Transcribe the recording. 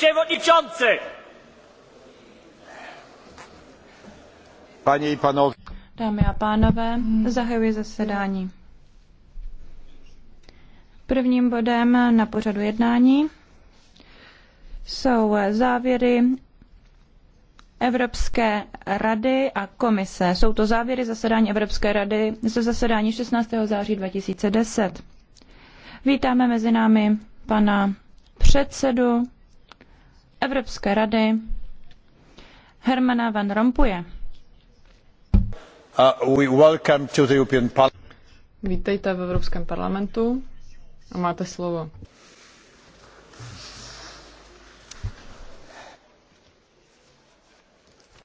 przewodniczący! Dámy a pánové, zahajuji zasedání. Prvním bodem na pořadu jednání jsou závěry Evropské rady a komise. Jsou to závěry zasedání Evropské rady ze zasedání 16. září 2010. Vítáme mezi námi pana předsedu Evropské rady Hermana Van Rompuje. Uh, Vítejte v Evropském parlamentu a máte slovo.